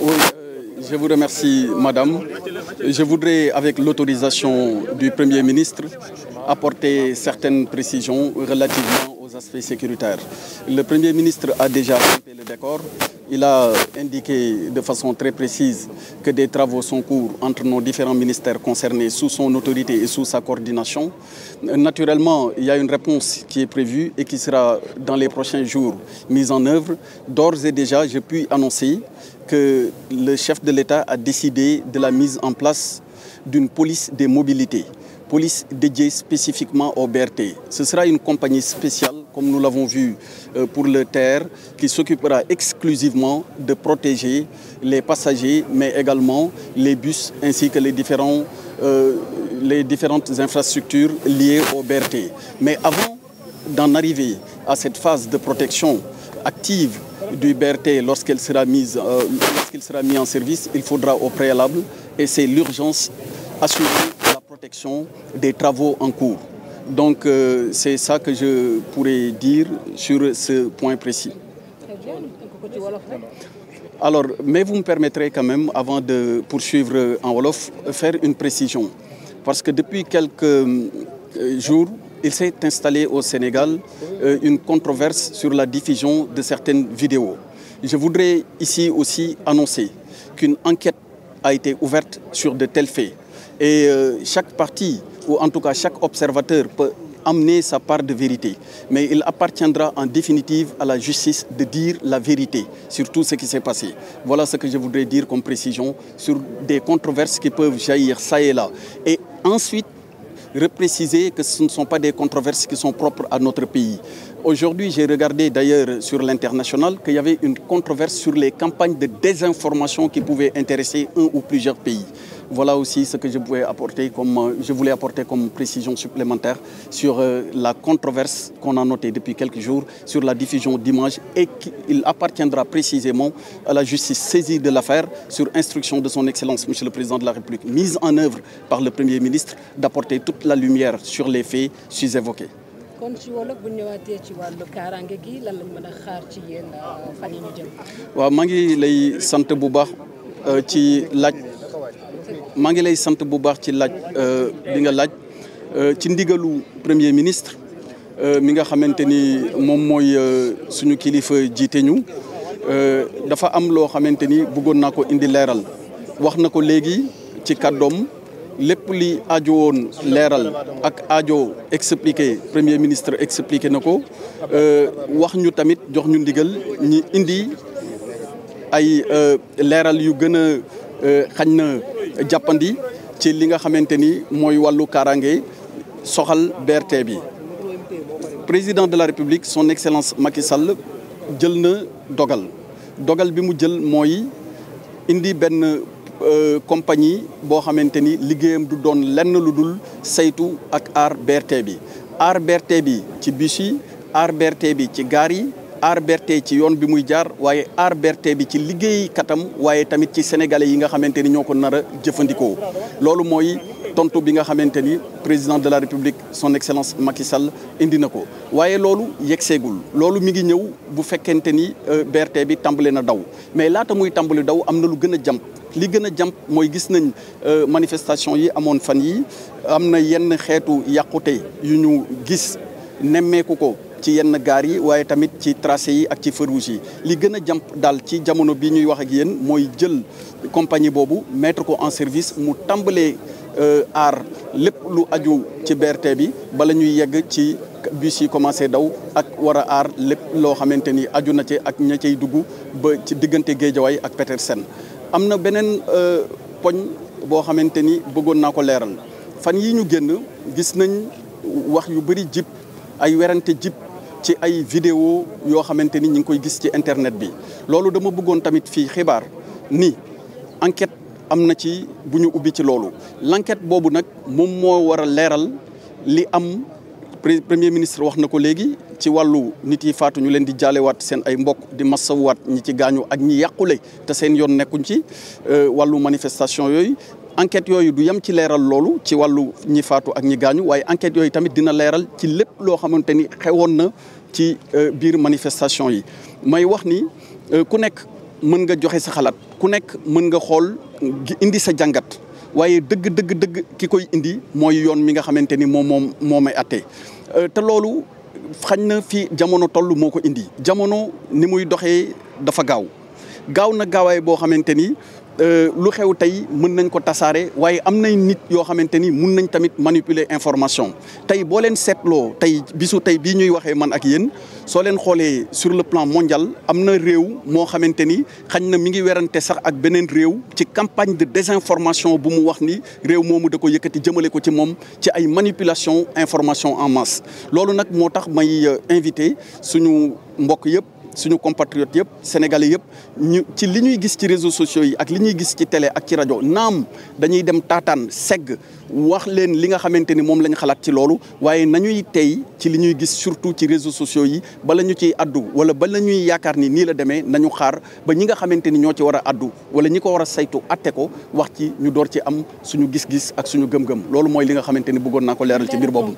Oui, je vous remercie, Madame. Je voudrais, avec l'autorisation du Premier ministre, apporter certaines précisions relativement aux aspects sécuritaires. Le Premier ministre a déjà le décor il a indiqué de façon très précise que des travaux sont cours entre nos différents ministères concernés sous son autorité et sous sa coordination. Naturellement, il y a une réponse qui est prévue et qui sera dans les prochains jours mise en œuvre. D'ores et déjà, je puis annoncer que le chef de l'État a décidé de la mise en place d'une police des mobilités, police dédiée spécifiquement au BRT. Ce sera une compagnie spéciale comme nous l'avons vu euh, pour le TER, qui s'occupera exclusivement de protéger les passagers, mais également les bus ainsi que les, différents, euh, les différentes infrastructures liées au BRT. Mais avant d'en arriver à cette phase de protection active du BRT lorsqu'elle sera mise, euh, lorsqu'il sera mis en service, il faudra au préalable, et c'est l'urgence, assurer la protection des travaux en cours. Donc euh, c'est ça que je pourrais dire sur ce point précis. Alors, mais vous me permettrez quand même, avant de poursuivre en Wolof, faire une précision. Parce que depuis quelques euh, jours, il s'est installé au Sénégal euh, une controverse sur la diffusion de certaines vidéos. Je voudrais ici aussi annoncer qu'une enquête a été ouverte sur de tels faits. Et euh, chaque partie ou en tout cas chaque observateur peut amener sa part de vérité. Mais il appartiendra en définitive à la justice de dire la vérité sur tout ce qui s'est passé. Voilà ce que je voudrais dire comme précision sur des controverses qui peuvent jaillir ça et là. Et ensuite, repréciser que ce ne sont pas des controverses qui sont propres à notre pays. Aujourd'hui, j'ai regardé d'ailleurs sur l'international qu'il y avait une controverse sur les campagnes de désinformation qui Voilà aussi ce que je pouvais apporter comme, euh, je voulais apporter comme précision supplémentaire sur euh, la controverse qu'on a notée depuis quelques jours sur la diffusion d'images et qu'il appartiendra précisément à la justice saisie de l'affaire sur instruction de son Excellence, Monsieur le Président de la République, mise en œuvre par le Premier ministre d'apporter toute la lumière sur les faits sus-évoqués. kon ci wolof bu ñëwaatee ci wàllu kaaraange gi lan lañ mën a xaar ci yéen euh, fan sant bu baax ci maa ngi lay sant bu baax ci laaj euh, bi nga laaj euh, ci ndigalu premier ministre euh, mi nga xamante ni moom mooy suñu kilifa jiitee ñu dafa am loo xamante ni bëggoon naa ko indi leeral wax na ko léegi ci kàddoom lépp li aajo woon leeral ak ajo expliquer premier ministre expliqué na ko wax ñu tamit jox ñu ndigal ñi indi ay leeral yu gën a xañ na jàppandi ci li nga xamante ni mooy wàllu kaaraange soxal berte bi. président de la république son excellence Macky Sall jël na dogal dogal bi mu jël mooy indi benn euh, compagnie boo xamante ni liggéeyam du doon lenn lu dul saytu ak aar BRT bi aar BRT bi ci bus yi aar BRT bi ci gaar yi. aar berté ci yoon bi muy jaar waaye aar berté bi ci liggéey katam waaye tamit ci sénégalais yi nga xamante ni ñoo ko nar a jëfandikoo loolu mooy tontu bi nga xamante ni président de la république son excellence Macky Sall indi na ko waaye loolu yeggseegul loolu mi ngi ñëw bu fekkente ni euh, berte bi tàmbale na daw mais laata muy tàmbali daw am na lu gën a jàmp li gën a jàmp mooy gis nañ euh, manifestation yi amoon fan yi am na yenn xeetu yàqute yu ñu gis nemmeeku ko ci yenn gaar yi waaye tamit ci trasé yi ak ci feux yi li gën a jàmp daal ci jamono bi ñuy wax ak yéen mooy jël compagnie boobu mettre ko en service mu tàmbalee euh, aar lépp lu aju ci BRT bi bala ñuy yegg ci bus yi commencé daw ak war a aar lépp loo xamante ni aju na ci ak ña cay dugg ba ci diggante Géejawaay ak Petersen am na beneen euh, poñ boo xamante ni bëggoon naa ko leeral fan yi ñu génn gis nañ wax yu bëri jib ay werante jib ci ay vidéo yoo xamante ni ñu ngi koy gis ci internet bi loolu dama bëggoon tamit fii xibaar ni enquête am na ci bu ñu ubbi ci loolu l'enquête boobu nag moom moo war a leeral li am premier ministre wax na ko léegi ci wàllu nit yi faatu ñu leen di jaalewaat seen ay mbokk di massawuwaat ñi ci gaañu ak ñi yàqule te seen yoon nekkuñ ci euh, wàllu manifestation yooyu enquête yooyu du yam ci leeral loolu ci wàllu ñi faatu ak ñi gaañu waaye enquête yooyu tamit dina leeral ci lépp loo xamante ni xewoon na ci euh, biir manifestation yi may wax ni euh, ku nekk mën nga joxe sa xalaat ku nekk mën nga xool indi sa jàngat waaye dëgg dëgg dëgg ki koy indi mooy yoon mi nga xamante ni moom moom moo may atte euh, te loolu xañ na fii jamono toll moo ko indi jamono ni muy doxee dafa gaaw gaaw na gaawaay boo xamante ni Euh, lu xew tey mën nañ ko tasaare waaye am nañ nit yoo xamante ni mun nañ tamit manipuler information tey boo leen seetloo tey bisu tey bii ñuy waxee man ak yéen soo leen xoolee sur le plan mondial am na réew moo xamante ni xañ na mu ngi werante sax ak beneen réew ci campagne de désinformation bu mu wax nii réew moomu da ko yëkkati jëmale ko ci moom ci ay manipulation information en masse loolu nag moo tax may euh, invité suñu mbokk yëpp suñu compatriotes yëpp sénégalais yëpp ñu ci li ñuy gis ci réseau sociaux yi ak li ñuy gis ci télé ak ci rajo naam dañuy dem taataan segg wax leen li nga xamante ni moom lañ xalaat ci loolu waaye nañuy tey ci li ñuy gis surtout ci réseaux sociaux yi bala ñu ciy addu wala bala ñuy yaakaar ni nii la demee nañu xaar ba ñi nga xamante ni ñoo ci war a addu wala ñi ko war a saytu atte ko wax ci ñu door ci am suñu gis-gis ak suñu gëm-gëm loolu mooy li nga xamante ni bëggoon naa ko leeral ci biir boobu.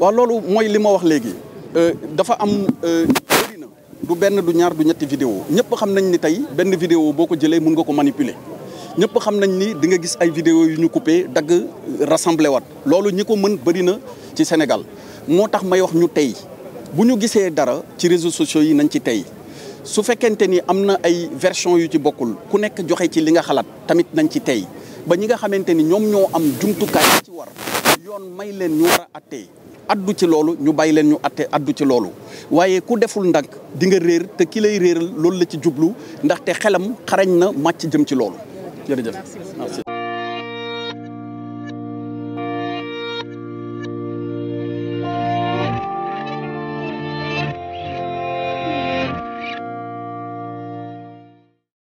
waaw loolu mooy li ma wax léegi. Euh, dafa am euh, bëri na du benn du ñaar du ñetti vidéo ñëpp xam nañ ni tey benn vidéo boo ko jëlee mun nga ko manipuler ñëpp xam nañ ni di nga gis ay vidéo yu ñu coupé dagg rassemblé wat loolu ñi ko mën bëri na ci Sénégal moo tax may wax ñu tey bu ñu gisee dara ci réseau sociaux yi nañ ci tey su fekkente ni am na ay version yu ci bokkul ku nekk joxe ci li nga xalaat tamit nañ ci tey ba ñi nga xamante ni ñoom ñoo am jumtukaay ci war yoon may leen ñu war a addu ci loolu ñu bay leen ñu atte addu ci loolu waaye ku deful ndànk di nga réer te ki lay réeral loolu la ci jublu ndaxte xelam xarañ na màcc jëm ci loolu jërëjëf